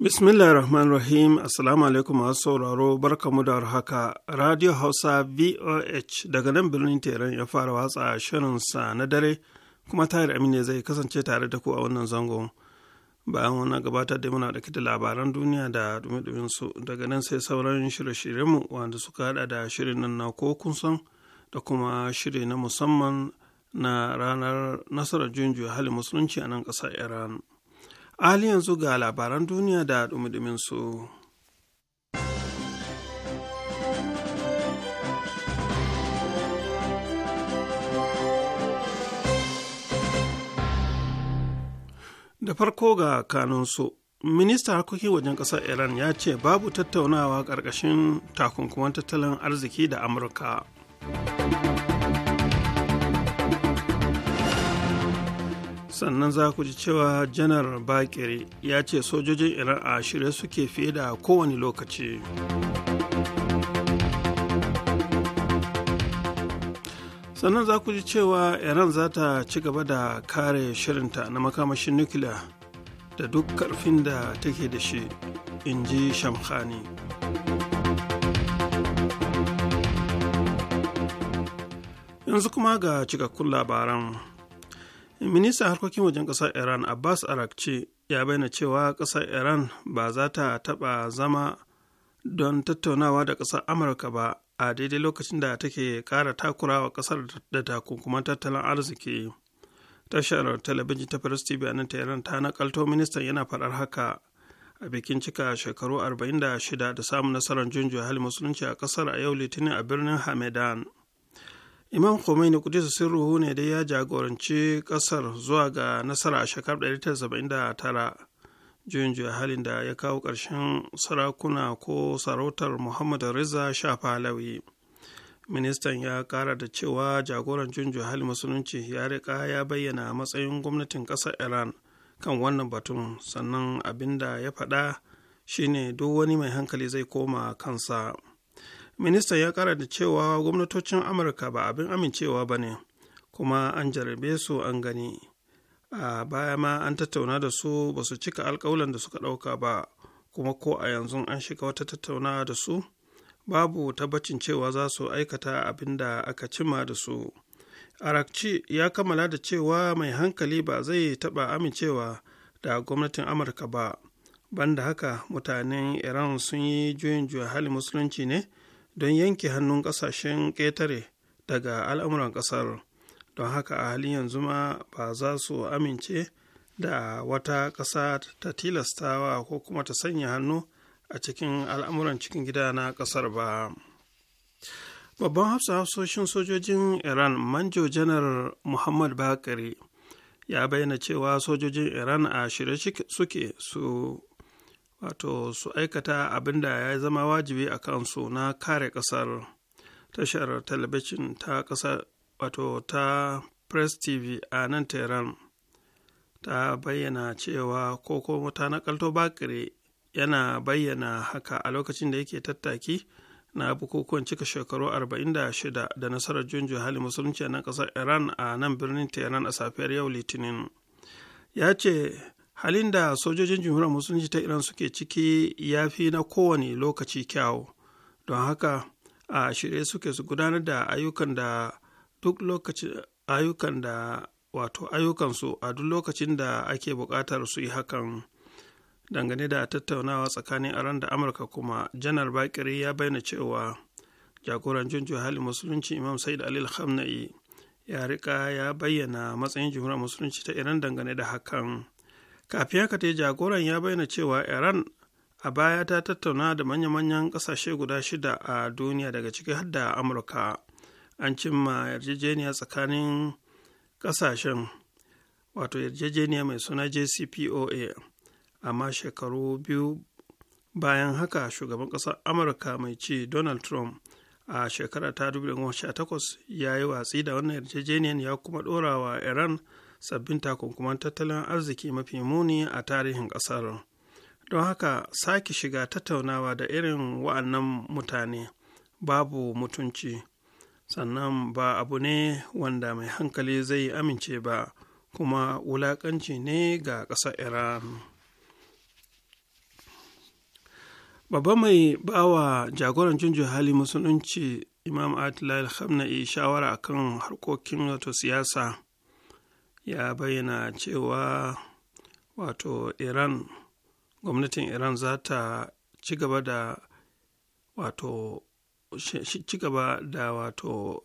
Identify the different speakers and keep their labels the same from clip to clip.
Speaker 1: Bismillah rahim Assalamu alaikum masu sauraro barkamu da haka Radio Hausa VOH daga nan birnin Teran ya fara watsa shirinsa na dare kuma tayar amine zai kasance tare da ku a wannan zangon. Bayan wannan gabatar da muna dauke da labaran duniya da dumi su daga nan sai sauran shirye-shiryenmu wanda suka hada da shirin nan na ko kun san da kuma shiri na musamman na ranar nasarar junjiya halin musulunci a nan ƙasar Iran. Ali yanzu ga labaran duniya da dumi su. da farko ga kanunsu Minista harkokin wajen ƙasar iran ya ce babu tattaunawa ƙarƙashin takunkuman tattalin arziki da amurka sannan za ku ji cewa janar bakire ya ce sojojin iran a shirye suke fiye da kowane lokaci sannan za ku ji cewa iran za ta ci gaba da kare shirinta na makamashin nukiliya da duk karfin da take da shi in ji shamkhani yanzu kuma ga cikakkun labaran ministan harkokin wajen ƙasar iran abbas arakci ya bayyana cewa ƙasar iran ba za ta taɓa zama don tattaunawa da ƙasar amurka ba a daidai lokacin da take ƙara takurawa kasar da takunkuman tattalin arziki tashar talabijin ta paris tv a nan iran ta nakalto ministan yana faɗar haka a bikin cika shekaru 46 da samun nasarar junjo hali musulunci a ƙasar a yau litinin a birnin hamedan imam khomeini kudisa sirruhu ne da ya jagoranci kasar zuwa ga nasara a shekarar 1979 juyin juya halin da ya kawo ƙarshen sarakuna ko sarautar muhammadu riza shafalawi ministan ya kara da cewa jagoran juyin juya halin musulunci ya riƙa ya bayyana matsayin gwamnatin ƙasar iran kan wannan batun sannan abin da ya faɗa shine duk wani mai hankali zai koma kansa. Minista ya kara da cewa gwamnatocin amurka ba abin amincewa ba ne kuma an jarabe su an gani a baya ma an tattauna da su ba su cika alkawalan da suka ɗauka ba kuma ko a yanzu an shiga wata tattaunawa da su babu tabbacin cewa za su aikata abin da aka cima da su arakci ya kammala da cewa mai hankali ba zai taɓa amincewa da gwamnatin amurka ba banda haka mutanen iran sun yi juyin juya hali musulunci ne don yanke hannun kasashen ƙetare daga al'amuran ƙasar don haka a halin yanzu ma ba za su amince da wata ƙasa ta tilastawa ko kuma ta sanya hannu a cikin al'amuran cikin gida na ƙasar ba babban hafsa hafsoshin sojojin iran manjo janar muhammad bakari ya bayyana cewa sojojin iran a shirye suke su wato su aikata abin da ya zama wajibi a kansu na kare ƙasar tashar talabijin ta ƙasar wato ta press tv a nan tehran ta bayyana cewa koko na nakalto bakire yana bayyana haka a lokacin da yake tattaki na bukukuwan cika shekaru 46 da nasarar junju hali musulunci na ƙasar iran a nan birnin tehran a safiyar yau litinin ya ce halin da sojojin jimhuriyar musulunci ta iran suke ciki ya fi na kowane lokaci kyawu don haka a shirye suke su gudanar da ayyukan da duk lokaci ayyukan da wato ayyukansu a duk lokacin da ake buƙatar su yi hakan dangane da tattaunawa tsakanin aran da amurka kuma janar bakiri ya bayyana cewa jagoran junju halin musulunci imam said alil hamna'i ya rika ya bayyana matsayin jamhuriyar musulunci ta iran dangane da hakan kafin haka ta jagoran ya bayyana cewa iran a baya ta tattauna da manya-manyan kasashe guda shida a duniya daga ciki har da amurka an cimma yarjejeniya tsakanin kasashen wato yarjejeniya mai suna jcpoa amma shekaru biyu bayan haka shugaban kasar amurka mai ci donald trump a shekara ta 2018 ya yi watsi da wannan yarjejeniyan ya kuma dorawa wa iran sabbin takunkuman tattalin arziki mafi muni a tarihin ƙasar don haka sake shiga tattaunawa da irin wa'annan mutane babu mutunci sannan ba abu ne wanda mai hankali zai amince ba kuma wulaƙanci ne ga ƙasar iran babba mai bawa jagoran junjin hali musulunci imam atilal khamna'i shawara akan harkokin wato siyasa ya bayyana cewa wato iran gwamnatin iran za ta ci gaba da wato ci gaba da wato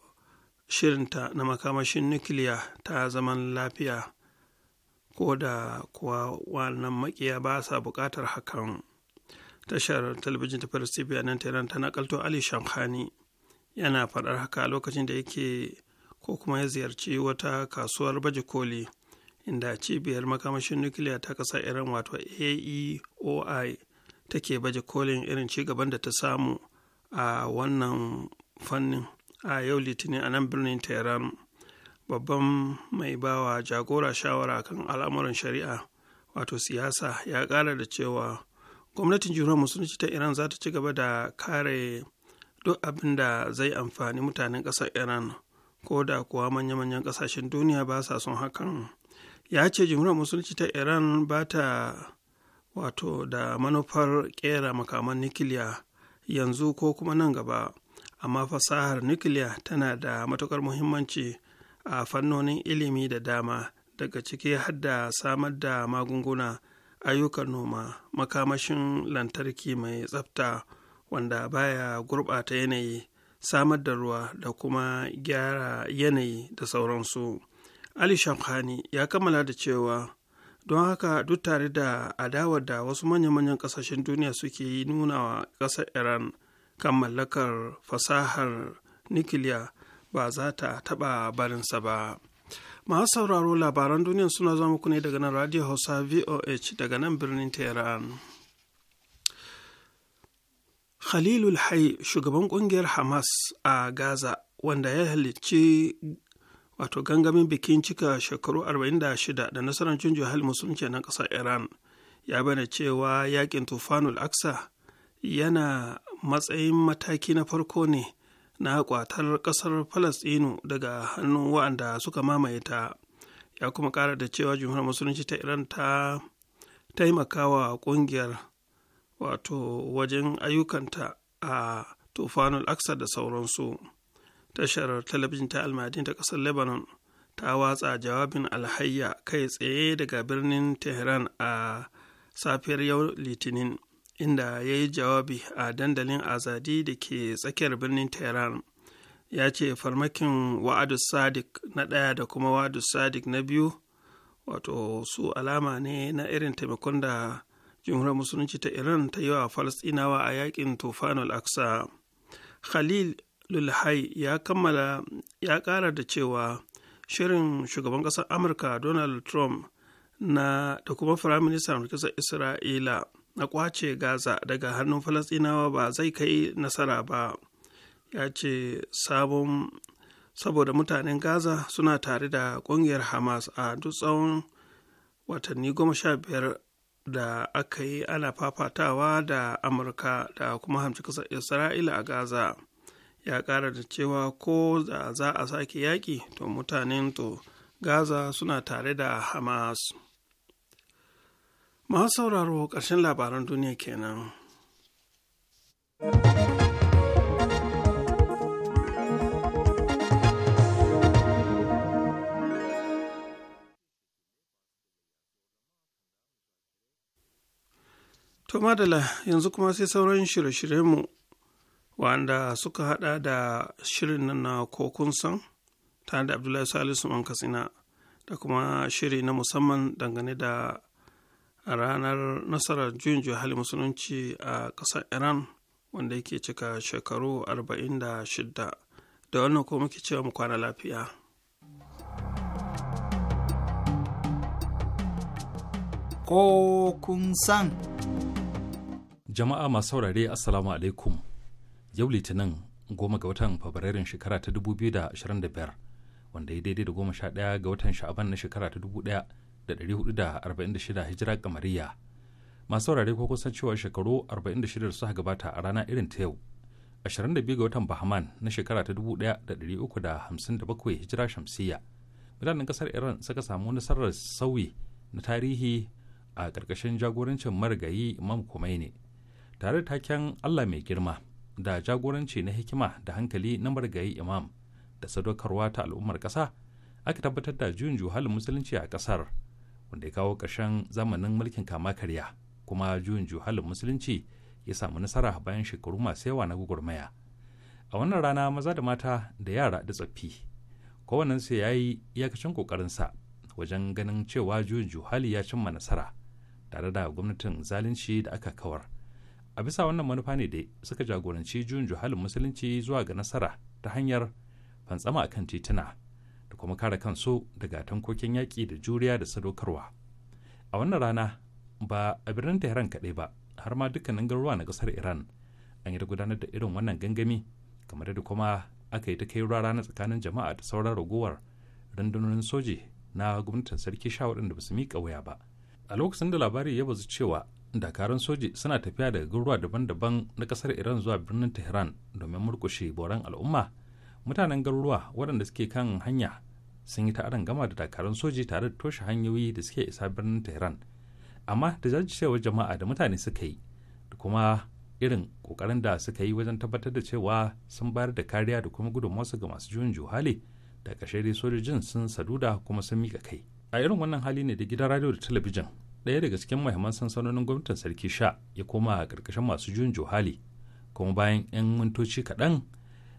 Speaker 1: shirinta na makamashin nukiliya ta zaman lafiya ko da kuwa wannan makiya ba sa bukatar hakan tashar talabijin ta palestine nan tana ta nakalto ali shankani yana faɗar haka lokacin da yake ko kuma ya ziyarci wata kasuwar baje koli inda cibiyar makamashin nukiliya ta ƙasa iran wato aeoi take baje kolin irin ci gaban da ta samu a wannan fannin a yau litinin a nan birnin tehran babban mai bawa jagora shawara kan al'amuran shari'a wato siyasa ya kara da cewa gwamnatin jihar musulunci ta iran za ta ci gaba da kare duk abin da zai amfani mutanen ƙasar iran ko da kuwa manya-manyan kasashen duniya ba sa son hakan ya ce jimhuriyar musulunci ta iran ba ta wato da manufar kera makaman nukiliya yanzu ko kuma nan gaba amma fasahar nukiliya tana da matukar muhimmanci a fannonin ilimi da dama daga ciki hadda samar da magunguna ayyukan noma makamashin lantarki mai tsafta wanda baya gurɓata yanayi samar da ruwa da kuma gyara yanayi da sauransu ali shamkhani ya kammala da cewa don haka duk tare da adawar da wasu manya-manyan kasashen duniya suke yi nuna wa ƙasar iran kan mallakar fasahar nukiliya ba za ta taɓa barinsa ba masu sauraro labaran duniya suna zama muku ne daga nan radio hausa voh daga nan birnin tehran Khalilul Hai shugaban kungiyar Hamas a Gaza wanda ya halicci wato gangamin bikin cika shekaru 46 da nasarar cin juhal musulunci na ƙasar Iran ya bane cewa yakin tufanul aksa yana matsayin mataki na farko ne na kwatar ƙasar Falasɗinu daga hannun waɗanda suka mamaye ta ya kuma ƙara da cewa jumhuriyar musulunci ta Iran ta taimakawa ƙungiyar wato wajen ayyukanta a tufanul aksa da sauransu tashar talabijin ta almadin ta ƙasar lebanon ta watsa jawabin alhayya kai tsaye daga birnin tehran a safiyar yau litinin inda ya yi jawabi a dandalin azadi da ke tsakiyar birnin tehran ya ce farmakin wa'adu sadik na ɗaya da kuma wa'adu sadik na biyu wato su alama ne na irin taimakon da jumhuriyar musulunci ta iran ta yi wa falastinawa a yakin tufanul aksa khalil lulhai ya kammala ya kara da cewa shirin shugaban ƙasar amurka donald trump na da kuma firaministan ƙasar isra'ila na kwace gaza daga hannun falastinawa ba zai kai nasara ba ya ce sabon saboda mutanen gaza suna tare da ƙungiyar hamas a duk tsawon watanni goma sha biyar da aka yi ana fafatawa da amurka da kuma hamci kasar isra'ila a gaza ya ƙara da cewa ko da za a sake yaƙi to mutanen to gaza suna tare da hamas masu sauraro ƙarshen labaran duniya kenan. To madala yanzu kuma sai sauran shirye-shiryenmu wanda suka hada da shirin nan na kokun san tare da Abdullahi Salisu Man Katsina da kuma shiri na musamman dangane da ranar nasarar juyin hali musulunci a ƙasar Iran wanda yake cika shekaru 46 da wannan ko muke cewa mu kwana lafiya.
Speaker 2: Ko san.
Speaker 3: jama'a masu saurare assalamu alaikum yau litinin goma ga watan fabrairun shekara ta 2025 wanda ya daidai da goma sha ɗaya ga watan sha'aban na shekara ta 1446 hijira kamariya masu saurare ko kusan cewa shekaru 46 da suka gabata a rana irin ta yau 22 ga watan bahman na shekara ta 1357 hijira shamsiyya mutanen kasar iran suka samu nasarar sauyi na tarihi a ƙarƙashin jagorancin marigayi imam khomeini tare da taken Allah mai girma da jagoranci na hikima da hankali na margayi imam da sadaukarwa ta al'ummar ƙasa aka tabbatar da juyin juhalin musulunci a ƙasar wanda ya kawo ƙarshen zamanin mulkin kama karya kuma juyin juhalin musulunci ya samu nasara bayan shekaru masu yawa na gwagwarmaya a wannan rana maza da mata da yara da tsaffi kowannensu ya yi iyakacin ƙoƙarinsa wajen ganin cewa juyin juhali ya cimma nasara tare da gwamnatin zalunci da aka kawar a bisa wannan manufa ne dai suka jagoranci juyin juhalin musulunci zuwa ga nasara ta hanyar fantsama akan tituna da kuma kare kansu daga tankokin yaƙi da juriya da sadaukarwa a wannan rana ba a birnin tehran kaɗai ba har ma dukkanin garuruwa na ƙasar iran an yi gudanar da irin wannan gangami kamar da kuma aka yi ta kai rana tsakanin jama'a da sauran ragowar rundunonin soji na gwamnatin sarki sha da ba su miƙa waya ba a lokacin da labari ya bazu cewa dakarun soji suna tafiya daga garuruwa daban-daban na kasar iran zuwa birnin tehran domin murkushe boran al'umma mutanen garuruwa waɗanda suke kan hanya sun yi ta'adan gama da dakarun soji tare da toshe hanyoyi da suke isa birnin tehran amma da jajircewar jama'a da mutane suka yi da kuma irin kokarin da suka yi wajen tabbatar da cewa sun bayar da kariya da kuma gudunmawarsu ga masu juyin juhali da ƙarshe dai sojojin sun saduda kuma sun miƙa kai a irin wannan hali ne da gidan radio da talabijin ɗaya daga cikin mahimman sansanonin gwamnatin sarki sha ya koma a ƙarƙashin masu juyin johali kuma bayan 'yan mintoci kaɗan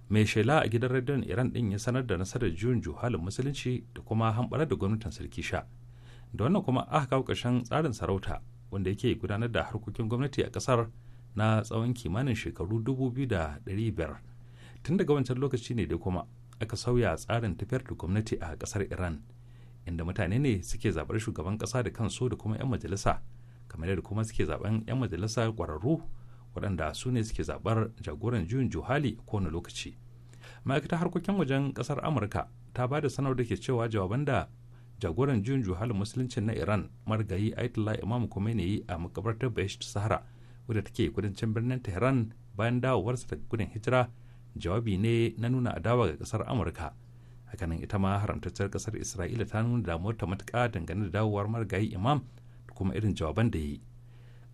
Speaker 3: mai shela a gidan rediyon iran ɗin ya sanar da nasarar juyin juhalin musulunci da kuma hamɓarar da gwamnatin sarki sha da wannan kuma aka kawo ƙarshen tsarin sarauta wanda yake gudanar da harkokin gwamnati a ƙasar na tsawon kimanin shekaru dubu biyu da ɗari biyar tun daga wancan lokaci ne da kuma aka sauya tsarin tafiyar da gwamnati a ƙasar iran inda mutane ne suke zaɓar shugaban ƙasa da kansu da kuma 'yan majalisa kamar yadda kuma suke zaɓen 'yan majalisa ƙwararru waɗanda su ne suke zaɓar jagoran juyin juhali kowane lokaci ma'aikatar harkokin wajen ƙasar amurka ta ba da sanar da ke cewa jawaban da jagoran juyin juhalin musulunci na iran margayi ayatollah imam khomeini a makabartar bayesh sahara wadda take kudancin birnin tehran bayan dawowarsa daga gudun hijira jawabi ne na nuna adawa ga ƙasar amurka hakanan ita ma haramtacciyar kasar isra'ila ta nuna damuwar ta matuƙa dangane da dawowar marigayi imam da kuma irin jawaban da yi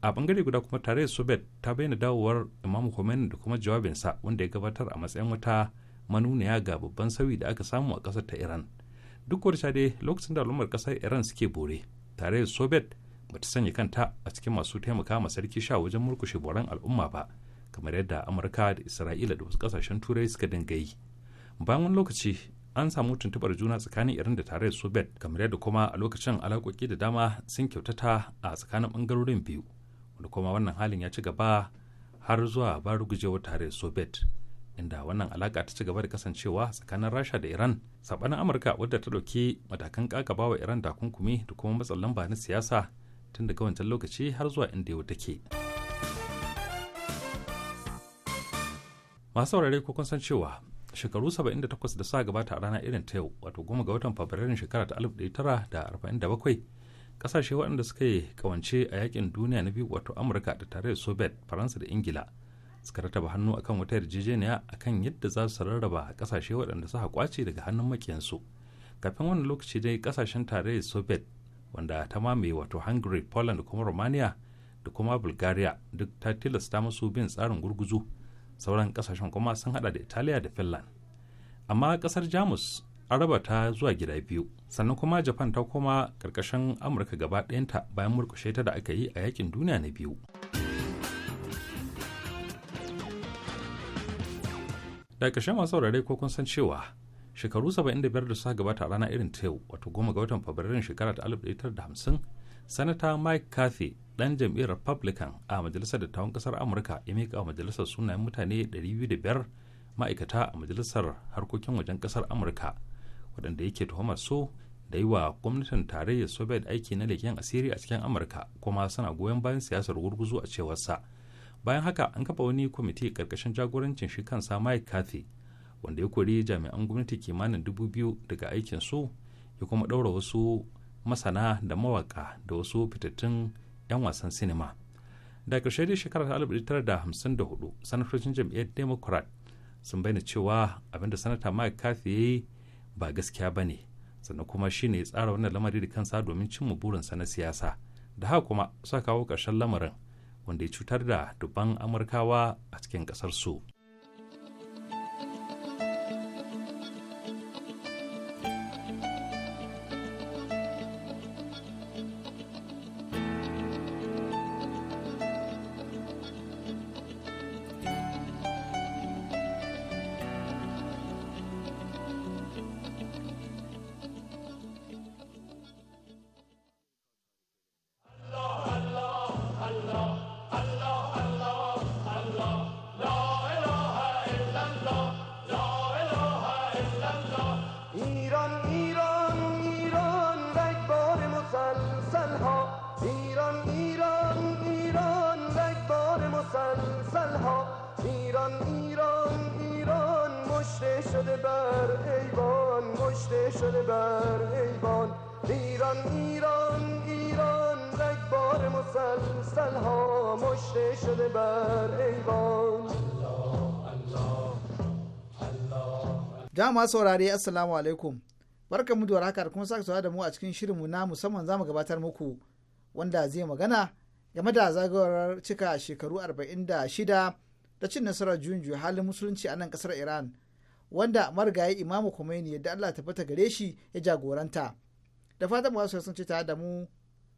Speaker 3: a bangare guda kuma tare soviet ta bayyana dawowar imam khomeini da kuma jawabinsa wanda ya gabatar a matsayin wata manuniya ga babban sauyi da aka samu a kasar ta iran duk wata dai lokacin da al'ummar kasar iran suke bore tare sobet ba ta sanya kanta a cikin masu taimaka ma sarki sha wajen murkushe boran al'umma ba kamar yadda amurka da isra'ila da wasu kasashen turai suka dinga yi bayan wani lokaci an samu tuntubar juna tsakanin irin da tarayyar soviet kamar yadda kuma a lokacin alaƙoƙi da dama sun kyautata a tsakanin bangarorin biyu wanda kuma wannan halin ya ci gaba har zuwa barugujewar tarayyar soviet inda wannan alaƙa ta ci gaba da kasancewa tsakanin rasha da iran saɓanin amurka wadda ta ɗauki matakan wa iran takunkumi da kuma matsin lamba na siyasa tun daga wancan lokaci har zuwa inda yau take. masu saurare ko kun san cewa shekaru 78 da sa gabata a rana irin ta yau wato goma ga watan fabrairun shekara ta 1947 kasashe waɗanda suka yi kawance a yakin duniya na biyu wato amurka da tare da soviet faransa da ingila suka rataba hannu akan wata yarjejeniya akan yadda za su rarraba kasashe waɗanda suka kwace daga hannun makiyansu kafin wannan lokaci dai kasashen tarayyar soviet wanda ta mamaye wato hungary poland kuma romania da kuma bulgaria duk ta tilasta masu bin tsarin gurguzu sauran kasashen kuma sun hada da italiya da finland amma kasar jamus an raba ta zuwa gida biyu sannan kuma japan ta koma karkashin amurka gaba ɗayanta bayan murkushe ta da aka yi a yakin duniya na biyu daga masu saurare ko kun san cewa shekaru 75 da suka gabata a rana irin ta yau wato goma ga watan fabrairun shekara ta 1950 sanata mike carthy dan jam'iyyar republican a majalisar dattawan kasar amurka ya mika a majalisar sunayen mutane 205 ma'aikata a majalisar harkokin wajen kasar amurka waɗanda yake tuhumar so da yi wa gwamnatin tarayyar soviet aiki na leken asiri a cikin amurka kuma suna goyon bayan siyasar gurguzu a cewar sa bayan haka an kafa wani kwamiti karkashin jagorancin shi kansa mike kathy wanda ya kori jami'an gwamnati kimanin dubu biyu daga aikin su ya kuma ɗaura wasu masana da mawaka da wasu fitattun 'yan wasan sinima da ƙarshe dai shekarar 1954 sanatocin jam'iyyar democrat sun bayyana cewa abinda sanata mike kathy ya yi ba gaskiya ba ne sannan kuma shi ne tsara wannan lamari da kansa domin cimma burinsa na siyasa da haka kuma suka kawo ƙarshen lamarin wanda ya cutar da dubban amurkawa a cikin ƙasar su.
Speaker 2: ma masu saurare assalamu alaikum barka mu da warhaka kuma sake saurara da mu a cikin shirinmu na musamman zamu gabatar muku wanda zai magana game da zagayowar cika shekaru 46 da cin nasarar junju halin musulunci a nan kasar iran wanda marigayi imamu Khomeini yadda allah ta fita gare shi ya jagoranta da fatan su sun ce tare da mu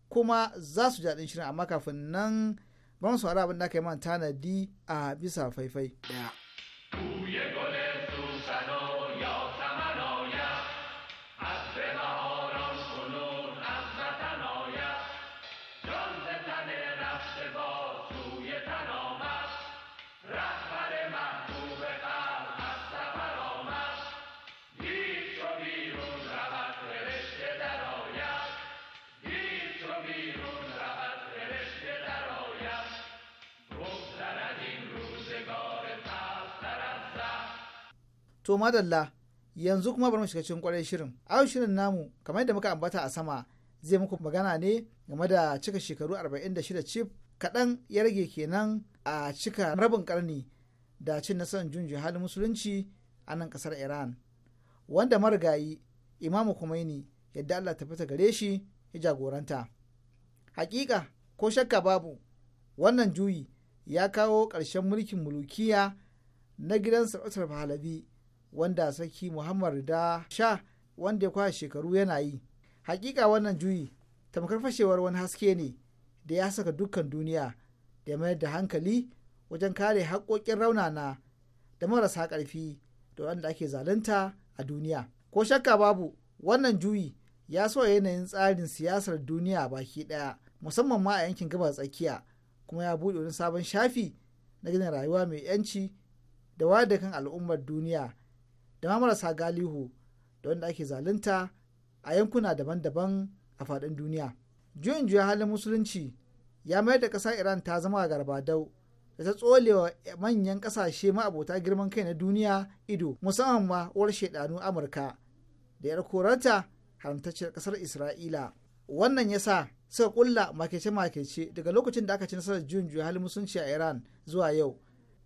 Speaker 2: kuma za su jaɗin shirin amma kafin nan ban su abin da aka yi man tanadi a bisa faifai. Yeah. to madalla yanzu kuma bari mu shiga cikin kwarai shirin ayon shirin namu kamar yadda muka ambata a sama zai muku magana ne game da cika shekaru 46 cif kaɗan ya rage kenan a cika rabin karni da cin nasarar junji halin musulunci a nan ƙasar iran wanda marigayi imamu kumaini yadda allah ta fita gare shi ya jagoranta hakika ko shakka babu wannan juyi ya kawo ƙarshen mulkin mulukiya na gidan sarautar pahlavi wanda sarki muhammad da sha wanda ya kwashe shekaru yana yi hakika wannan juyi tamkar fashewar wani haske ne da ya saka dukkan duniya da mayar da hankali wajen kare haƙoƙin raunana da marasa ƙarfi da wanda ake zalunta a duniya ko shakka babu wannan juyi ya so yanayin tsarin siyasar duniya baki ɗaya musamman ma a yankin gabas tsakiya kuma ya buɗe wani sabon shafi na gina rayuwa mai yanci da wada kan al'ummar duniya da ma marasa galihu da wanda ake zalunta a yankuna daban-daban a faɗin duniya. Juyin juya halin musulunci ya mayar da ƙasa Iran ta zama a garbadau da ta tsolewa manyan ƙasashe ma'abota girman kai na duniya ido musamman ma uwar shaidanu Amurka da yar korarta haramtacciyar ƙasar Isra'ila. Wannan ya sa suka kulla makece-makece daga lokacin da aka ci nasarar juyin juya halin musulunci a Iran zuwa yau.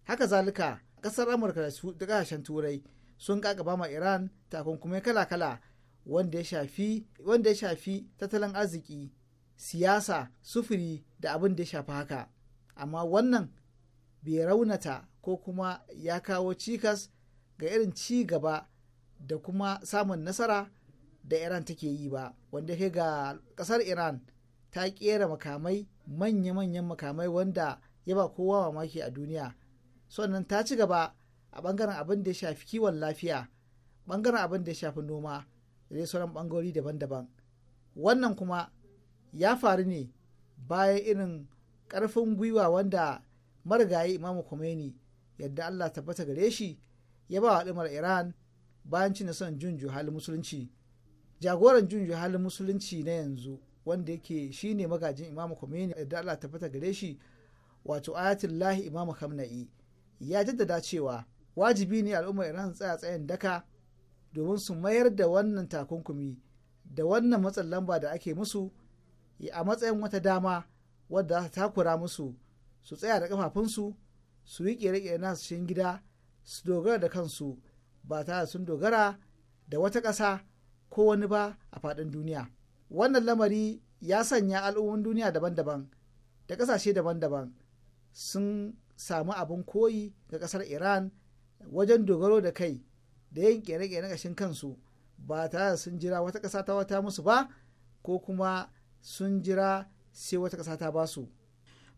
Speaker 2: Haka zalika ƙasar Amurka da ƙasashen Turai sun ƙaƙabama ma iran takunkumai kala-kala wanda ya shafi tattalin arziki siyasa sufuri da abin da ya shafi haka amma wannan bai raunata ko kuma ya kawo cikas ga irin ci gaba da kuma samun nasara da iran take yi ba wanda ya ga kasar iran ta kera makamai manya-manyan makamai wanda ya ba kowa mamaki a duniya sannan ta ci gaba a bangaren abin da ya shafi kiwon lafiya bangaren abin da ya shafi noma da dai sauran bangarori daban-daban wannan kuma ya faru ne bayan irin karfin gwiwa wanda marigayi imamu Khomeini yadda Allah tabbata gare shi ya ba wa Iran bayan cin son jun juhalin musulunci jagoran jun juhalin musulunci na yanzu wanda yake shine magajin imamu Khomeini yadda Allah tabbata gare shi wato ayatullahi imamu kamna'i ya jaddada cewa wajibi ne al'ummar iran su tsaya tsayin daka domin su mayar da wannan takunkumi da wannan matsin lamba da ake musu a matsayin wata dama wadda za ta takura musu su tsaya da kafafunsu su yi kere-kere nasu cikin gida su dogara da kansu ba tare sun dogara da wata ƙasa ko wani ba a faɗin duniya wannan lamari ya sanya al'ummomin duniya daban-daban da ƙasashe daban-daban sun samu abin koyi ga ƙasar iran wajen dogaro da kai da yin kere-kere kashin kansu ba tare da sun jira wata ƙasa ta wata musu ba ko kuma sun jira sai wata ƙasa ta ba su.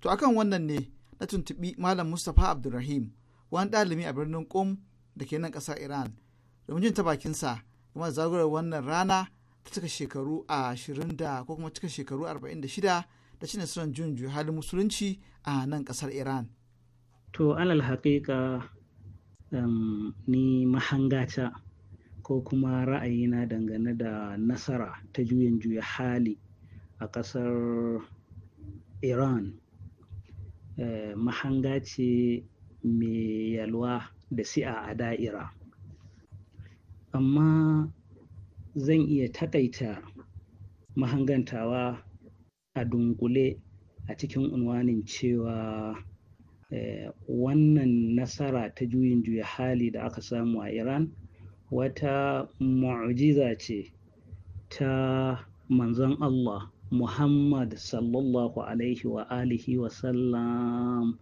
Speaker 2: To akan wannan ne na tuntuɓi Malam Mustapha Abdulrahim wani ɗalimi a birnin kom da ke nan ƙasar Iran domin jin ta bakinsa sa kuma zagurar wannan rana ta cika shekaru ashirin da ko kuma cika shekaru arba'in da shida da cin nasarar
Speaker 4: halin musulunci a nan ƙasar Iran. To alal haƙiƙa um, ni mahangata ko kuma ra'ayina dangane da nasara ta juyin juya hali a ƙasar iran eh, mahanga ce mai yalwa da si'a a da'ira amma zan iya takaita mahangantawa a dunkule a cikin unwanin cewa Eh, wannan nasara ta juyin juya hali da aka samu a iran wata mu'jiza ce ta manzon allah muhammad sallallahu alaihi wa alihi wa sallam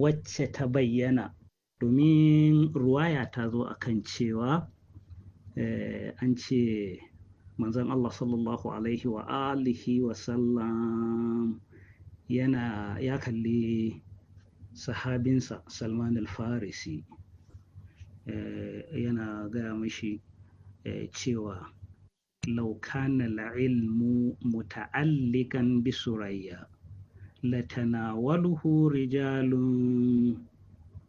Speaker 4: wacce ta bayyana domin ruwaya ta zo akan cewa eh, an ce manzon allah sallallahu alaihi wa alihi wa sallam yana ya kalli sahabinsa salman al-farisi eh, yana gaya mashi eh, cewa laukana la'ilmu muta'allikan bi surayya latanawaluhu rijalun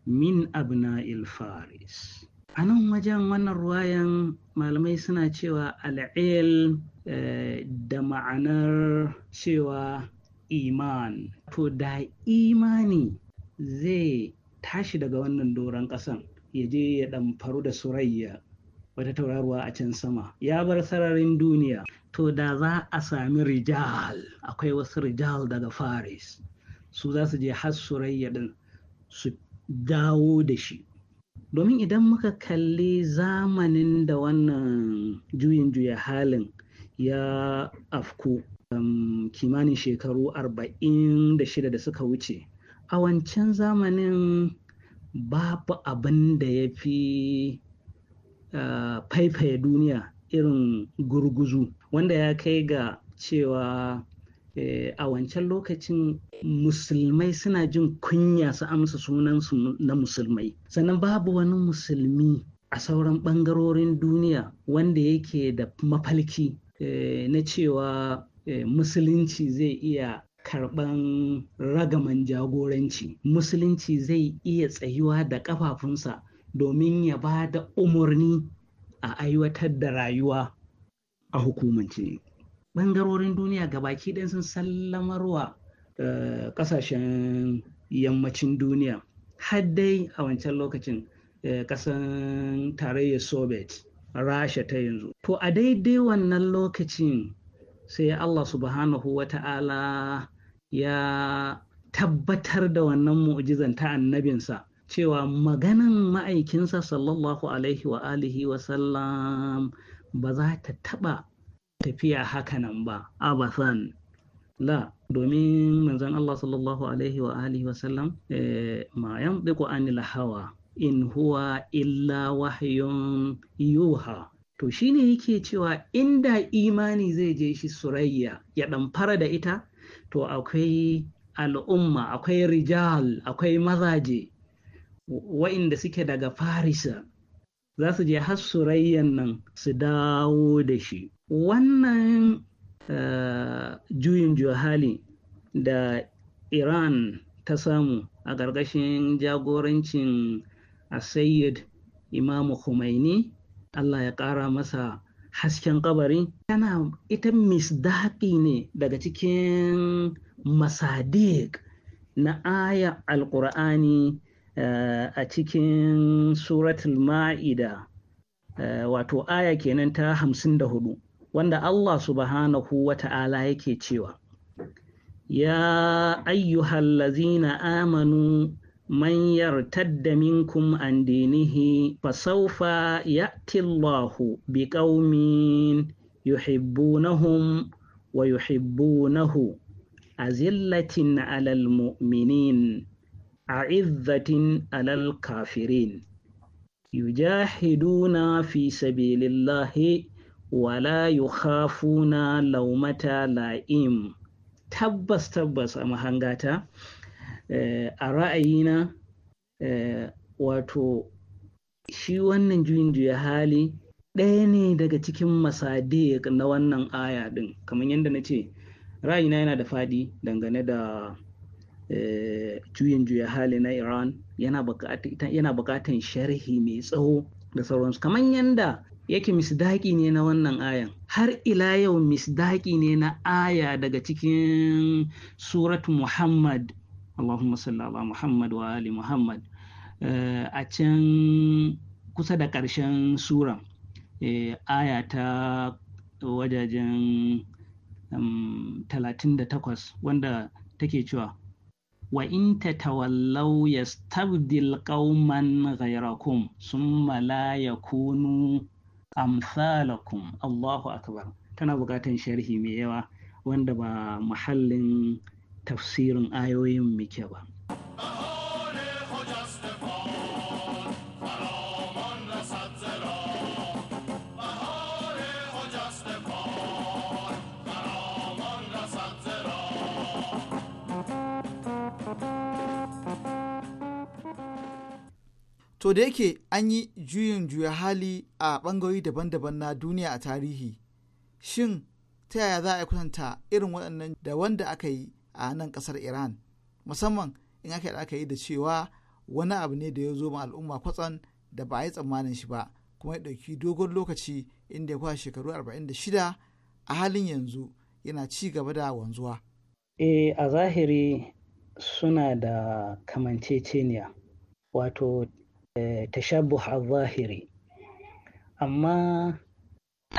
Speaker 4: min abna'il faris a nan wajen wannan ruwayan malamai suna cewa al'il eh, da ma'anar cewa iman to da imani zai tashi daga wannan doron ƙasan ya je ya ɗamfaru da surayya wata tauraruwa a can sama ya bar sararin duniya to da za a sami rijal akwai wasu rijal daga faris su za su je har surayya ɗin su dawo da shi domin idan muka kalli zamanin da wannan juyin juya halin ya afku um, kimanin shekaru 46 da suka wuce a wancan zamanin babu abin da ya fi faifaye duniya irin gurguzu wanda ya kai ga cewa e, a wancan lokacin musulmai suna jin kunya su amsa sunansu na musulmai sannan babu wani musulmi a sauran ɓangarorin duniya wanda yake da mafalki e, na cewa e, musulunci zai iya karɓan ragaman jagoranci musulunci zai iya tsayuwa da ƙafafunsa domin ya ba da umarni a aiwatar da rayuwa a hukumance ɓangarorin duniya gabaki ɗin sun sallamarwa eh, ƙasashen yammacin duniya har dai a wancan lokacin eh, ƙasan tarayyar soviet rasha ta yanzu to a daidai wannan lokacin sai allah subhanahu wa ta'ala ya tabbatar da wannan mu'jizan ta annabinsa cewa maganan ma'aikinsa sallallahu alaihi wa alihi wa sallam ba za ta taɓa tafiya hakanan ba abasan la domin manzon Allah sallallahu alaihi wa alihi wa sallam eh, ma yamdiku anil hawa in huwa illa wahyun yuha to shine yake cewa inda imani zai je shi surayya ya fara da ita to akwai al'umma akwai rijal akwai mazaje wa'inda suke daga farisa za su je har surayyan nan su dawo da shi wannan eh, juyin juhali da iran ta samu a ƙarƙashin jagorancin a sayyid imamu Khomeini Allah ya ƙara masa hasken kabari tana ita misdaƙi ne daga cikin masadiq na aya alƙur'ani eh, a cikin suratul ma'ida eh, wato aya kenan ta hamsin da hudu wanda Allah subhanahu wa ta'ala yake cewa ya ayyuhallazina amanu Manyar man yartadda minkum an dinihi fasaufa ya'ti Allahu biqaumin yuhibbunahum wa yuhibbunahu azillatin alal mu'minin a'izzatin alal kafirin Yu jahidu na fi sabilillahi wala yukhafuna laumata la'im tabbas tabbas a mahangata Eh, a ra'ayina eh, wato shi wannan juyin juya hali ɗaya ne daga cikin masade na wannan aya ɗin kamar yadda na ce ra'ayina yana da faɗi dangane da eh, juyin juya hali na iran yana buƙatan sharhi mai tsawo da sauransu kamar yadda yake misdaƙi ne na wannan ayan har ila yau misdaƙi ne na aya daga cikin surat muhammad Allahumma salli ala Muhammad wa ali Muhammad eh, a can kusa da ƙarshen sura, eh, aya ta wajajen um, talatin da takwas wanda take cewa wa in ya stabdil ƙauman ghayrakum sun la kunu amsalakum Allahu akbar tana buƙatar sharhi mai yawa wanda ba muhallin tafsirin ayoyin muke ba
Speaker 2: To da yake an yi juyin juya hali a ɓangarori daban-daban na duniya a tarihi, shin ta yaya za a kwatanta irin waɗannan da wanda aka yi a nan kasar iran musamman in aka aka yi da cewa wani abu ne da ya zo ma al'umma kwatsan da ba a yi tsammanin shi ba kuma ya ɗauki dogon lokaci inda ya kwa shekaru 46 a halin yanzu yana ci gaba da wanzuwa.
Speaker 4: E a zahiri suna da kamanceceniya wato e, tashabbuh a zahiri amma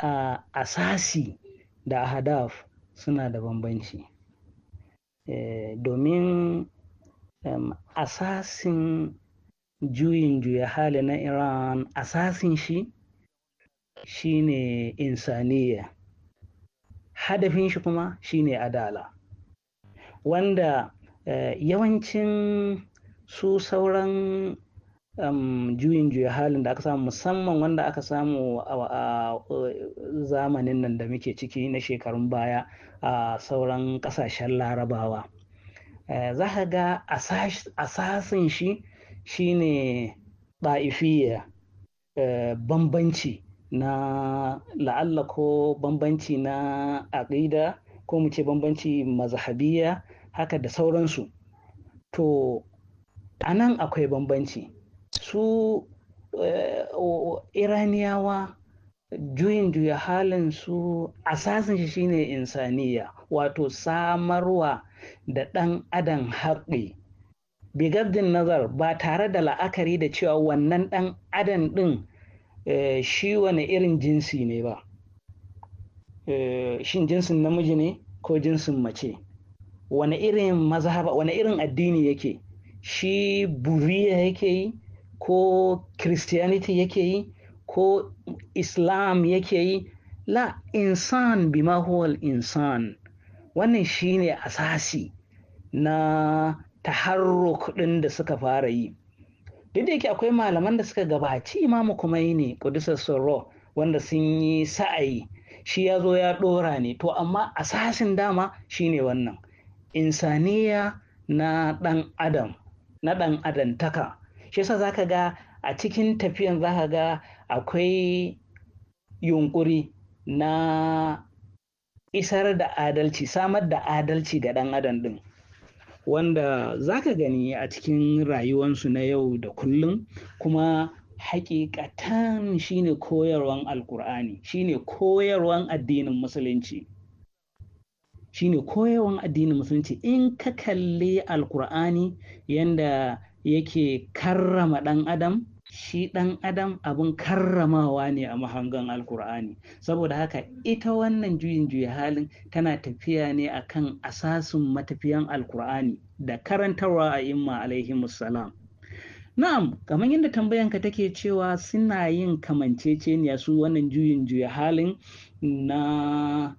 Speaker 4: a asasi da ahadaf suna da bambanci Eh, domin asasin juyin juya hali na iran asasin shi shine insaniya hadafin shi kuma shine adala wanda eh, yawancin su sauran juyin juya halin da aka samu musamman wanda aka samu a zamanin nan da muke ciki na shekarun baya a sauran kasashen larabawa eh, za ka ga asasin shi shine baifiya eh, bambanci na la'alla ko bambanci na aƙida ko mu ce bambanci mazhabiya haka da sauransu to a nan akwai bambanci su eh, iraniyawa juyin juya halin su asasin shi shine insaniya wato samarwa da ɗan adam haƙƙi bigabdin nazar ba tare da la'akari da cewa wannan ɗan adam ɗin eh, shi wani irin jinsi ne ba eh, shin jinsin namiji ne ko jinsin mace wani irin mazhaba wani irin addini yake shi buriya yake yi ko christianity yake yi ko islam yake yi la insan bi mahuwal insan wannan shine asasi na taharruk ɗin da suka fara yi duk da yake akwai malaman da suka gabaci imamu kuma yi ne kudusar soro wanda sun yi sa'ayi shi ya zo ya ɗora ne to amma asasin dama shine wannan insaniya na ɗan adam na ɗan adantaka shi yasa zaka ga a cikin tafiyan zaka ga akwai yunkuri na isar da adalci samar da adalci ga ɗan adam ɗin wanda zaka gani a cikin rayuwansu na yau da kullum kuma hakikatan shine koyarwan alkur'ani shine koyarwan addinin musulunci shine koyarwan addinin musulunci in ka kalli alkur'ani yanda yake karrama ɗan adam shi ɗan adam abin karramawa ne a mahangan alkur'ani saboda haka ita wannan juyin juya halin tana tafiya ne akan asasin matafiyan alkur'ani da karantarwa a imma alaihimussalam na'am kamar yadda tambayanka take cewa suna yin kamanceceniya su wannan juyin juya halin na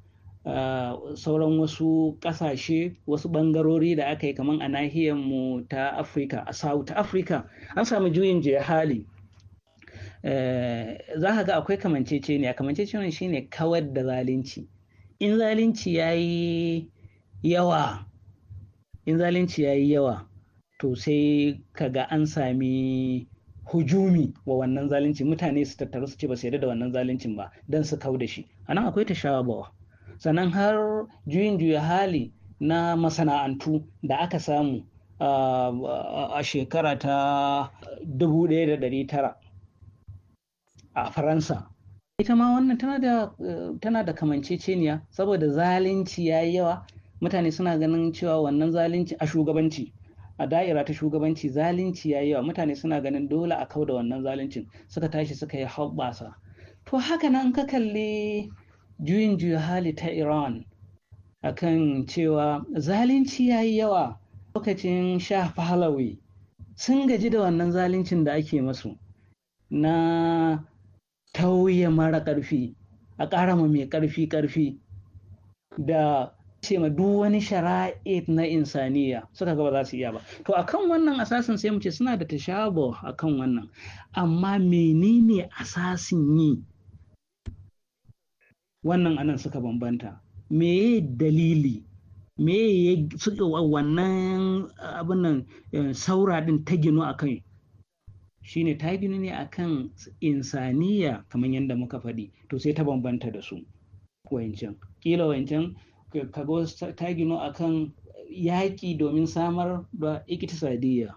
Speaker 4: Ah, sauran wasu kasashe wasu bangarori da aka yi kamar a nahiyar ta afirka a south africa an samu juyin hali eh, za ka ga akwai kamanceceniya kamanceceniya shine kawar da zalunci in zalunci ya yi yawa in zalunci ya yi yawa to sai ka ga an sami hujumi wa wannan zalunci mutane su tattara su ce ba su yarda da wannan zaluncin ba don su kau da shi a nan akwai tashawa bawa sannan har juyin juya hali na masana'antu da aka samu a shekara ta 1900 a faransa ita ma wannan tana da kamance ceniya, saboda zalunci ya yi yawa mutane suna ganin cewa wannan zalunci a shugabanci a da'ira ta shugabanci zalunci ya yi yawa mutane suna ganin dole a kau da wannan zaluncin suka tashi suka yi haɓasa to haka nan ka kalli juyin juya hali ta iran akan cewa zalunci ya yi yawa lokacin shah pahlawi sun gaji da wannan zaluncin da ake masu na tauye mara ƙarfi a ƙara mai ƙarfi ƙarfi da ce ma duk wani shara'i na insaniya suka ga ba za su iya ba to akan wannan asasin sai mu ce suna da tashabo akan wannan amma menene asasin yi wannan anan suka bambanta meye dalili meye suke wannan eh, eh, saura din ta ginu a kai shine ta ginu ne akan insaniya kamar yadda muka faɗi to sai ta bambanta da su wancan kila wancan kago ta ginu akan yaƙi domin samar da ikitisadiyya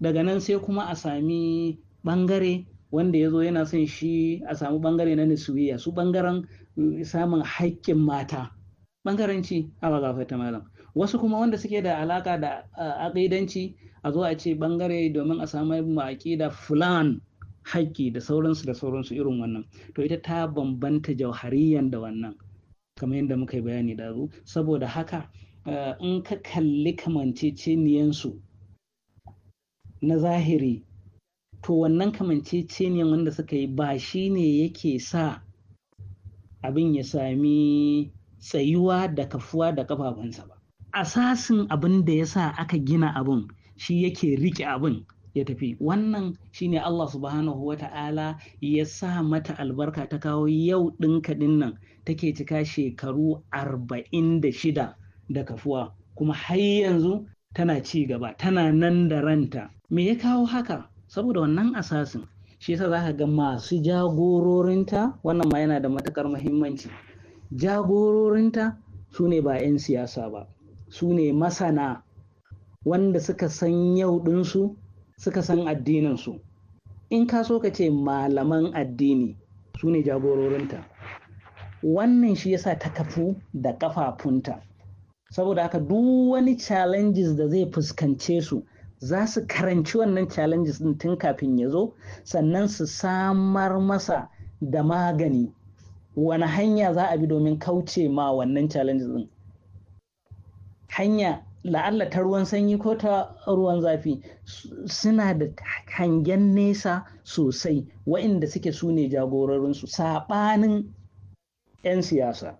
Speaker 4: daga nan sai kuma a sami bangare wanda ya zo yana son shi a samu bangare na nisuwiya su bangaren mm, samun haƙƙin mata ci a ta malam wasu kuma wanda suke da alaka da aƙidanci a zo a ce bangare domin a samu da fulan haƙƙi da sauransu da sauransu irin wannan to ita ta bambanta jauhariyan da wannan kamar yadda muka yi bayani zu saboda haka in ka kalli kamanceceniyansu na zahiri to wannan ne wanda suka yi ba shi ne yake sa abin ya sami tsayuwa da kafuwa da kafafunsa ba asasin abin da ya sa aka gina abin shi yake rike abin ya tafi wannan shine Allah subhanahu wa ta'ala ya sa mata albarka ta kawo yau ɗinka nan take cika shekaru arba'in da shida da kafuwa kuma har yanzu tana ci gaba tana nan da ranta me ya kawo haka saboda wannan asasin shi yasa za ka ga masu jagororinta wannan ma yana da matukar muhimmanci jagororinta su ne ba 'yan siyasa ba su ne masana wanda suka san yau ɗinsu suka san addininsu in ka so ka ce malaman addini su ne jagororinta wannan shi yasa ta kafu da ƙafafunta. saboda haka duk wani challenges da zai fuskance su za su karanci wannan challenges din tun kafin ya zo sannan su samar masa da magani wani hanya za a bi domin kauce ma wannan challenges din hanya la'alla ta ruwan sanyi ko ta ruwan zafi suna da hangen nesa sosai wa'inda suke su ne jagororinsu saɓanin 'yan siyasa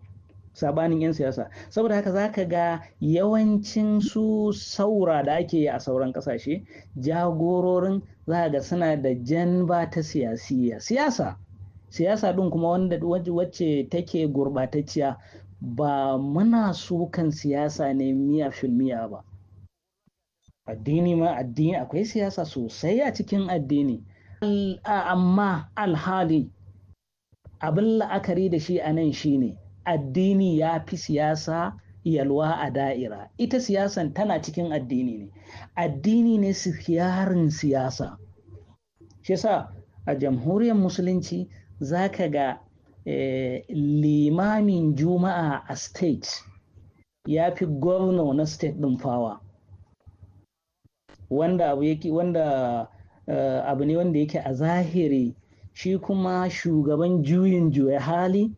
Speaker 4: sabanin 'yan siyasa saboda haka za ka ga yawancin su saura da ake yi a sauran kasashe jagororin za ga suna da janba ta siyasiya siyasa siyasa ɗin kuma wanda wacce take gurɓatacciya ba muna sukan siyasa ne miya miya ba addini ma addini akwai siyasa sosai a cikin addini amma alhali abin la'akari da shi a nan shine addini ya fi siyasa yalwa a da'ira ita siyasan tana cikin addini ne addini ne siyarin siyasa shi sa a jamhuriyar musulunci za ka ga eh, limamin juma'a a state ya fi gwamna na state ɗin fawa wanda abu yake wanda eh, abu ne wanda yake a zahiri shi kuma shugaban juyin juya hali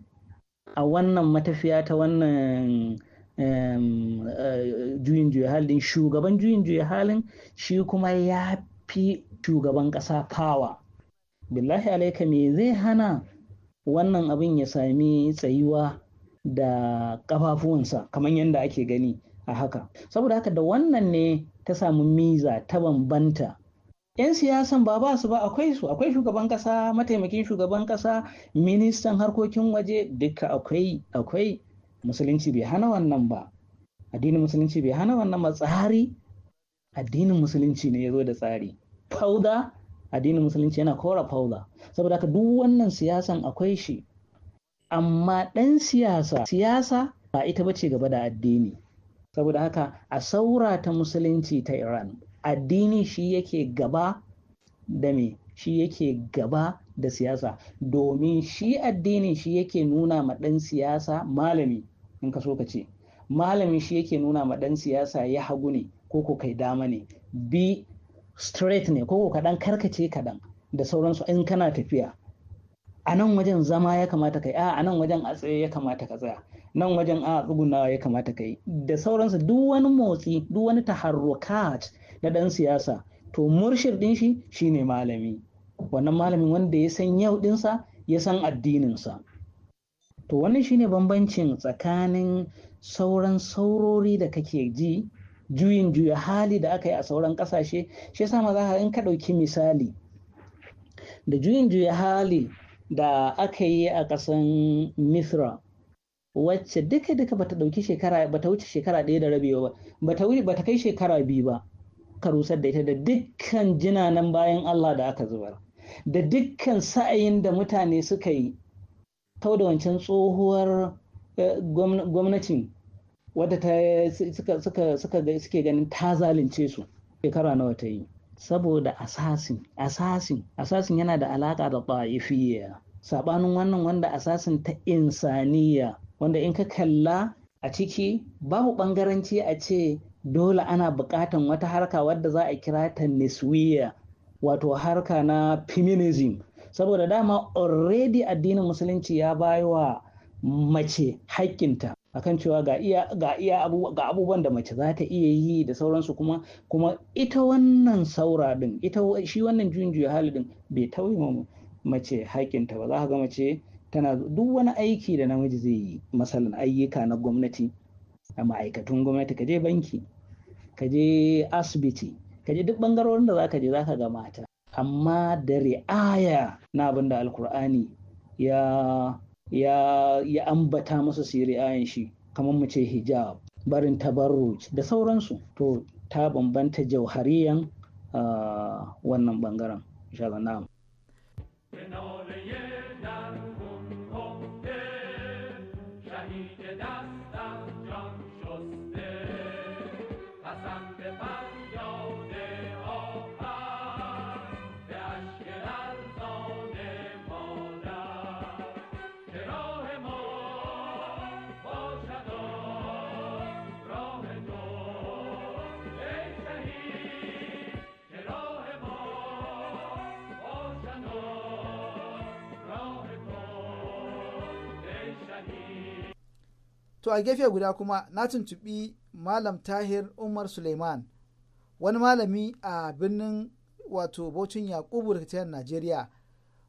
Speaker 4: a wannan matafiya ta wannan eh, juyin juya halin shugaban juyin juya halin shi kuma ya fi shugaban ƙasa fawa billahi alaika me zai hana wannan abin ya sami tsayuwa da ƙafafuwansa kamar yadda ake gani a haka saboda haka da wannan ne ta samu miza ta bambanta 'yan siyasan ba ba su ba akwai su akwai shugaban kasa mataimakin shugaban kasa ministan harkokin waje duka akwai akwai musulunci bai hana wannan ba addinin musulunci bai hana wannan ba tsari addinin musulunci ne ya zo da tsari fauda addinin musulunci yana kora fauda saboda haka duk wannan siyasan akwai shi amma ɗan siyasa siyasa ba ita bace gaba da addini saboda haka a saura ta musulunci ta iran addini shi yake gaba da me shi yake gaba da siyasa domin shi addinin shi yake nuna ma ɗan siyasa malami in ka so ka ce malami shi yake nuna ma ɗan siyasa ya hagu ne ko ko kai dama ne bi straight ne ko ko kaɗan karkace kaɗan da sauransu in kana tafiya a nan wajen zama ya kamata ka yi a nan wajen a tsaye ya kamata ka tsaya nan wajen a tsugunawa ya kamata ka yi da sauransu duk wani motsi duk wani taharrukat na ɗan siyasa to murshid ɗin shi shine malami wannan malamin wanda ya san yau ɗinsa ya san addininsa to wannan shine bambancin tsakanin sauran saurori da kake ji juyin juya hali da aka yi a sauran ƙasashe shi yasa ma za in ka ɗauki misali da juyin juya hali da aka yi a ƙasan misra wacce duka duka bata ɗauki shekara bata wuce shekara ɗaya da rabewa ba bata kai shekara biyu ba Karusar da ita da dukkan jinanan bayan Allah da aka zubar da dukkan sa'ayin da mutane suka yi kau da wancan tsohuwar eh, gwamnatin wadda ta suke ganin ta zalunce su shekara nawa ta yi saboda asasin asasin asasin yana da alaka da ta'ifiyya sabanin wannan wanda asasin ta insaniya wanda in ka kalla a ciki babu ɓangaranci a ce dole ana buƙatan wata harka wadda za a kira ta niswiya wato harka na feminism saboda dama already addinin musulunci ya wa mace haƙƙinta akan cewa ga iya abubuwan da mace za ta iya yi da sauransu kuma kuma ita wannan saura din ita shi wannan juyin hali din bai tauye mace haƙƙinta ba za ka ga mace tana duk wani aiki da namiji zai yi masalin ayyuka na gwamnati a ma'aikatun gwamnati ka je banki ka je asibiti ka je duk bangarorin da zaka je zaka ga mata amma da ri'aya na abin da alkur'ani ya ya ambata musu su ri'ayan shi kamar mu ce hijab barin tabarruj da sauransu to ta bambanta jauhariyan ah, wannan bangaren insha Allah na'am
Speaker 2: to a gefe guda kuma na tuntuɓi malam tahir umar suleiman wani malami a birnin wato baucin yakubu da tarayyar najeriya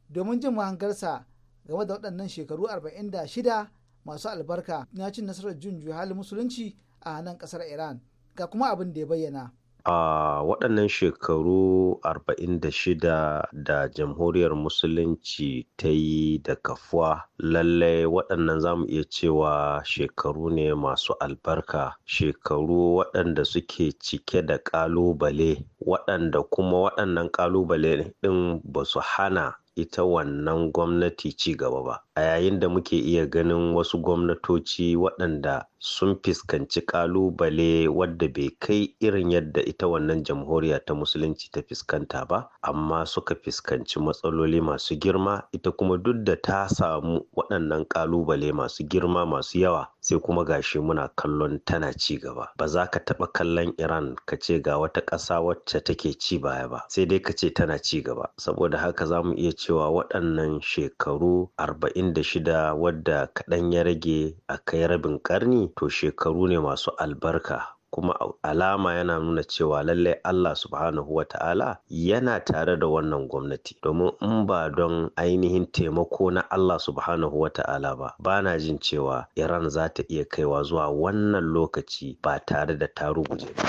Speaker 2: domin jin mahangarsa game da waɗannan shekaru 46 masu albarka na cin nasarar jin halin musulunci a nan ƙasar iran ga kuma abin da ya bayyana
Speaker 5: a waɗannan shekaru arba'in da shida da jamhuriyar musulunci ta yi da kafuwa lallai waɗannan za mu iya cewa shekaru ne masu albarka shekaru waɗanda suke cike da ƙalubale waɗanda kuma waɗannan ƙalubale ɗin ba su hana ita wannan gwamnati ci gaba ba a yayin da muke iya ganin wasu gwamnatoci waɗanda sun fuskanci ƙalubale wadda bai kai irin yadda ita wannan jamhuriya ta musulunci ta fuskanta ba amma suka fiskanci matsaloli masu girma ita kuma duk da ta samu waɗannan ƙalubale masu girma masu yawa sai kuma gashi muna kallon tana ci gaba ba za ka taɓa kallon iran ka ce ga wata ƙasa wacce take ci baya ba sai dai ka ce tana ci gaba saboda haka za mu iya cewa waɗannan shekaru arba'in 66 wadda kaɗan ya rage a kai rabin karni to shekaru ne masu albarka kuma alama yana nuna cewa lallai Allah subhanahu wa ta'ala yana tare da wannan gwamnati domin in ba don ainihin taimako na Allah subhanahu wa ta'ala ba ba na jin cewa Iran za ta iya kaiwa zuwa wannan lokaci ba tare da ta ruguje ba.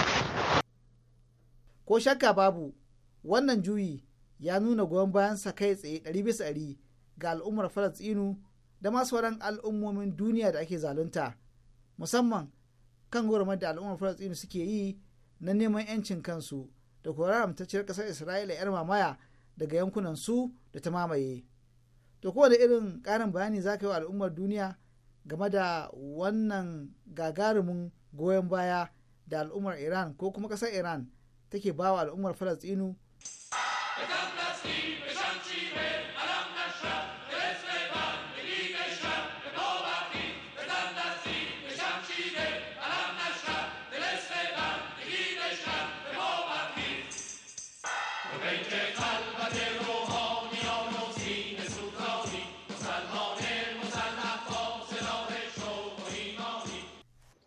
Speaker 2: Ko shakka babu wannan juyi ya nuna goyon bayansa kai tsaye ɗari ga al'ummar falastinu da masu sauran al'ummomin duniya da ake zalunta musamman kan gurmar da al'ummar falastinu suke yi na neman 'yancin kansu da korar ƙasar isra'ila 'yar mamaya daga yankunan su da ta mamaye to kowane irin ƙarin bayani za ka yi wa al'ummar duniya game da wannan gagarumin goyon baya da al'ummar iran ko kuma ƙasar iran take ba wa al'ummar falastinu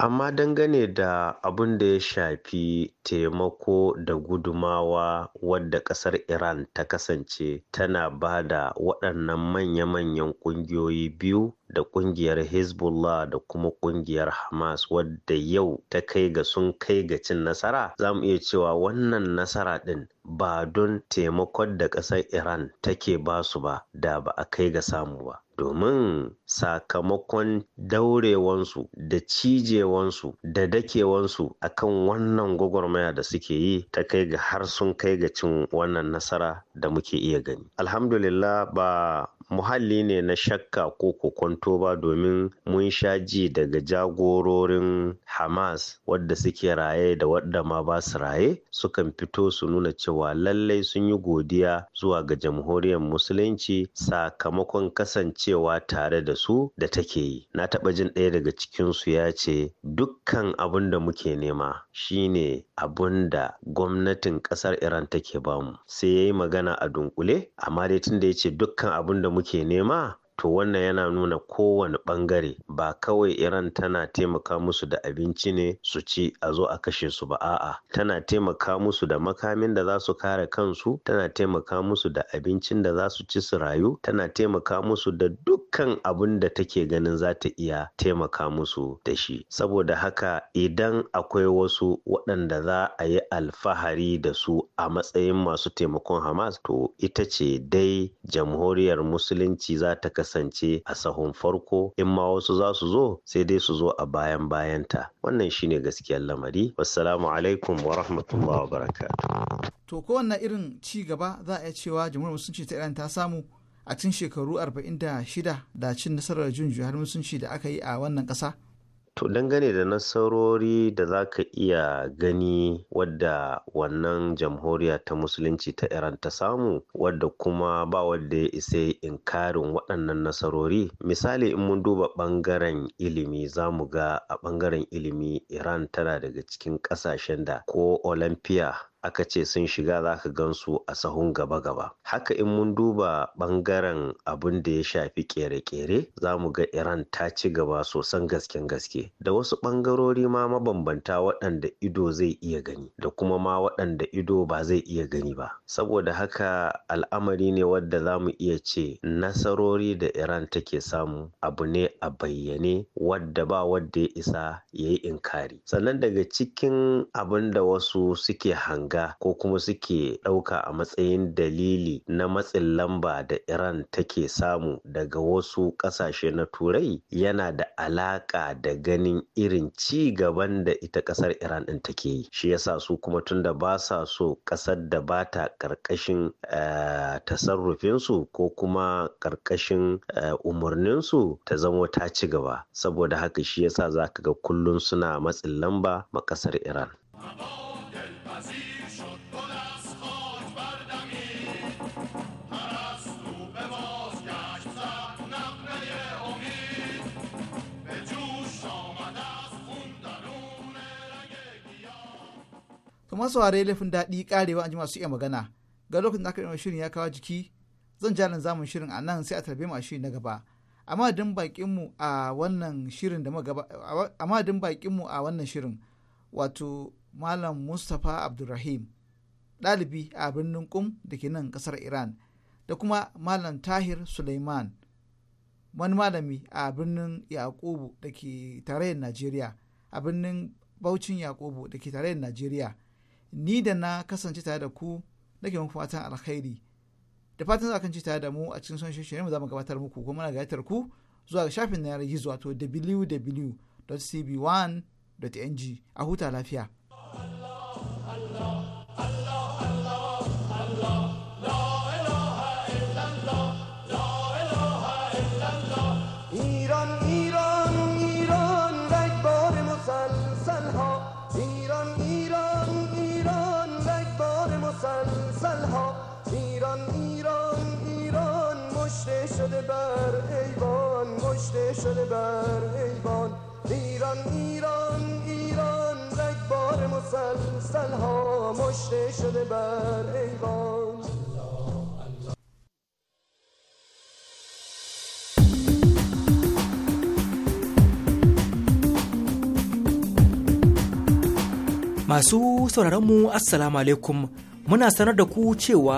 Speaker 5: amma dangane da abin da ya shafi taimako da gudumawa wadda kasar iran ta kasance tana ba da waɗannan manya-manyan ƙungiyoyi biyu da kungiyar hezbollah da kuma kungiyar hamas wadda yau ta kai ga sun kai ga cin nasara za mu iya cewa wannan nasara din ba don taimakon da ƙasar iran take ba su ba da ba a kai ga samu ba domin sakamakon daurewansu da cijewansu da dakewansu a kan wannan gwagwarmaya da suke yi ta kai ga har sun kai ga cin wannan nasara da muke iya gani alhamdulillah ba muhalli ne na shakka ko kokonto ba domin mun sha ji daga jagororin hamas wadda suke raye da wadda ma ba su raye sukan fito su nuna cewa lallai sun yi godiya zuwa ga jamhuriyar musulunci sakamakon kasancewa tare da su da take yi na taɓa jin ɗaya daga cikinsu ya ce dukkan abin da muke nema shine abin da gwamnatin ƙasar iran take bamu sai ya yi magana a dunkule amma dai tun da ya ce dukkan abin da muke nema? to wannan yana nuna kowane bangare ba kawai iran tana taimaka musu da abinci ne su ci a zo a kashe su ba a'a tana taimaka musu da makamin da za su kare kansu tana taimaka musu da abincin da za su ci su rayu tana taimaka musu da dukkan abin da take ganin za ta iya taimaka musu da shi saboda haka idan akwai wasu waɗanda za a yi alfahari da su a matsayin masu taimakon hamas to ita ce dai jamhuriyar musulunci za ta kasa. kasance a sahun farko in ma wasu za su zo sai dai su zo a bayan bayanta wannan shine gaskiyar lamari wassalamu alaikum wa rahmatullahi wa barakatuh
Speaker 2: to ko wannan irin ci gaba za a iya cewa jamhuriyar musulunci ta iran ta samu a cikin shekaru 46 da cin nasarar jin har musulunci da aka yi a wannan ƙasa
Speaker 5: To dangane da nasarori da za ka iya gani wadda wannan jamhuriya ta musulunci ta Iran ta samu wadda kuma ba wadda ya isa in karin waɗannan nasarori. Misali in mun duba ɓangaren ilimi za mu ga a ɓangaren ilimi Iran tana daga cikin ƙasashen da ko Olamfiya aka ce sun shiga za ka su a sahun gaba-gaba. Haka in mun duba ɓangaren abin da ya shafi ƙere-ƙere za mu ga Iran ta ci gaba sosan gasken gaske da wasu ɓangarori ma mabambanta waɗanda ido zai iya gani da kuma ma waɗanda ido ba zai iya gani ba. Saboda haka al'amari ne wadda za mu iya ce nasarori da Iran take samu abu ne a bayyane wadda ba wadda ya isa ya yi inkari. Sannan daga cikin abin da wasu suke hanga shiga ko kuma suke ɗauka a matsayin dalili na matsin lamba da Iran take samu daga wasu ƙasashe na Turai yana da alaƙa da ganin irin ci gaban da ita ƙasar Iran ɗin take yi. Shi yasa su kuma tunda ba sa so ƙasar da ba ta ƙarƙashin eh, tasarrufinsu ko kuma ƙarƙashin eh, umarninsu ta zama ta ci gaba. Saboda haka shi yasa za ka ga kullum suna matsin lamba ma ƙasar Iran.
Speaker 2: kuma saurare laifin daɗi karewa an ji masu iya magana ga lokacin da aka yi shirin ya kawo jiki zan jalan zamun shirin a nan sai a tarbe mu a shirin na gaba amma din bakin mu a wannan shirin wato malam Mustapha Abdulrahim ɗalibi a birnin kum da ke nan kasar Iran da kuma malam Tahir Suleiman wani malami a birnin Yakubu da ke tarayyar Najeriya a birnin Baucin Yakubu da ke tarayyar Najeriya ni da na kasance tare da ku nake muku fatan alkhairi da fatan za ci tare da mu a cikin son shirye mu za mu gabatar muku kuma muna gayyatar ku zuwa ga shafin na yanar gizo wato www.cb1.ng a huta lafiya.
Speaker 6: شده بر حیوان ایران ایران ایران رگبار مسلسل ها مشته شده بر حیوان
Speaker 7: Masu sauraronmu Assalamu alaikum muna sanar da ku cewa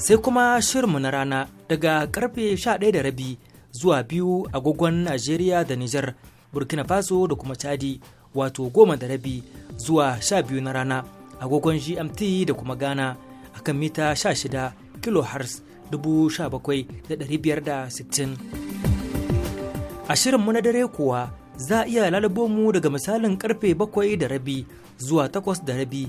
Speaker 7: sai kuma shirinmu na rana daga karfe 11 rabi zuwa biyu agogon Najeriya da Nijar Burkina Faso da kuma Chadi wato goma da rabi zuwa sha biyu na rana agogon GMT da kuma Ghana akan mita 16 kilohertz sittin a shirinmu na dare kuwa za a iya lalabo mu daga misalin karfe bakwai da rabi zuwa takwas da rabi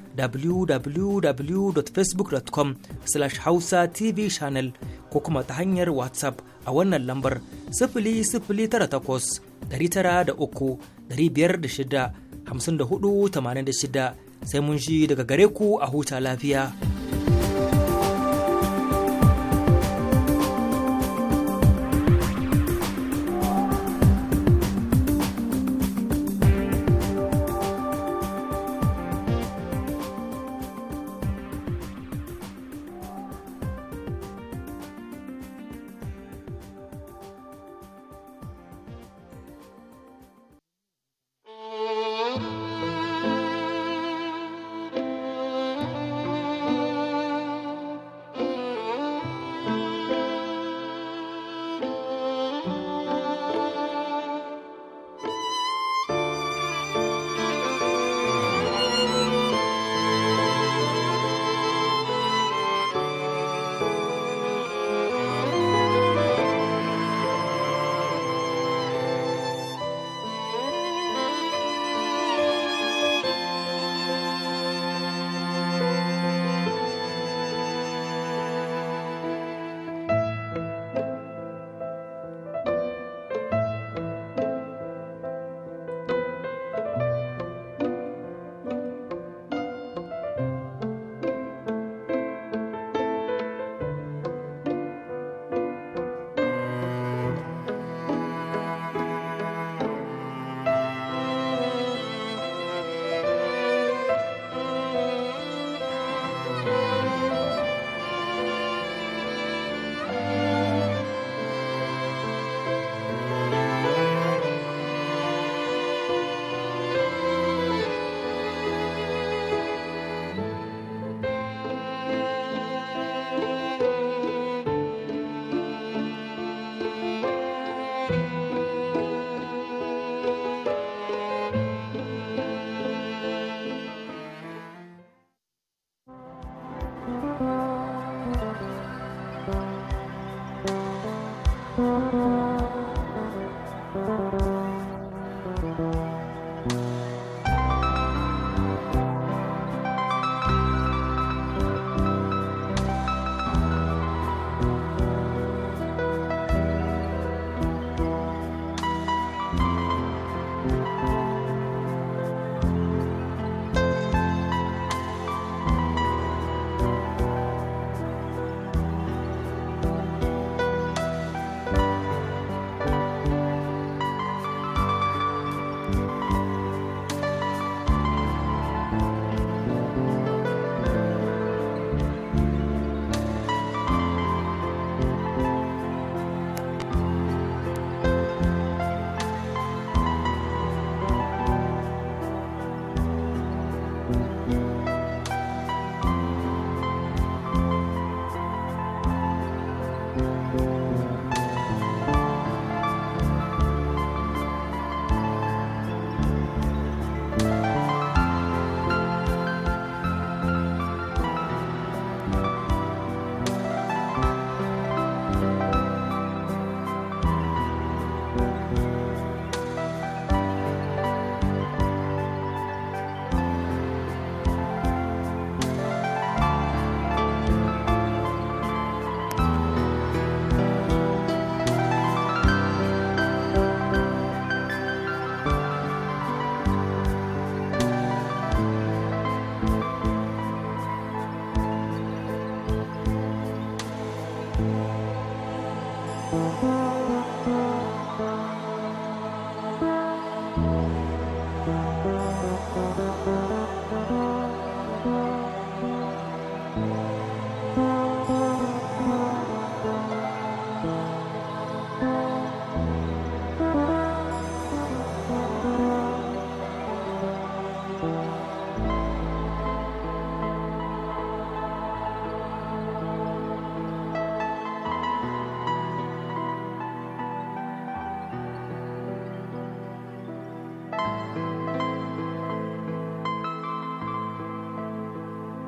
Speaker 7: www.facebook.com slash hausa tv channel ko kuma ta hanyar whatsapp a wannan lambar da 00983 da shida sai mun ji daga gare ku a huta lafiya.